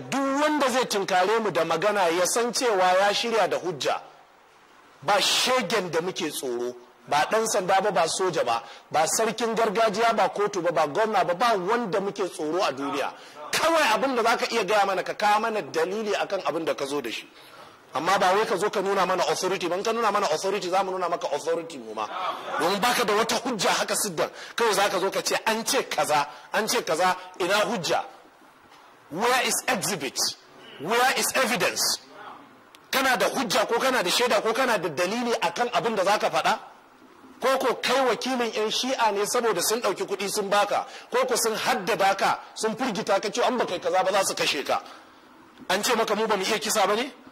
duk wanda zai tunkare mu da magana ya san cewa ya shirya da hujja ba shegen da muke tsoro ba ɗan sanda ba ba soja ba ba sarkin gargajiya ba kotu ba ba gwamna ba ba wanda muke tsoro a duniya kawai abin da zaka iya gaya mana ka kawo mana dalili akan abin da ka zo da shi amma ba wai ka zo ka nuna mana authority ban ka nuna mana authority za mu nuna maka authority mu ma domin baka da wata hujja haka siddan kawai zaka zo ka ce an ce kaza an ce kaza ina hujja where is exhibit where is evidence kana da hujja ko kana da shaida ko kana da dalili akan abin da zaka faɗa ko ko kai wakilin yan shi'a ne saboda sun ɗauki kuɗi sun baka ko ko sun hadda baka sun firgita ka cewa an kai kaza ba za su kashe ka an ce maka mu ba mu iya kisa ba ne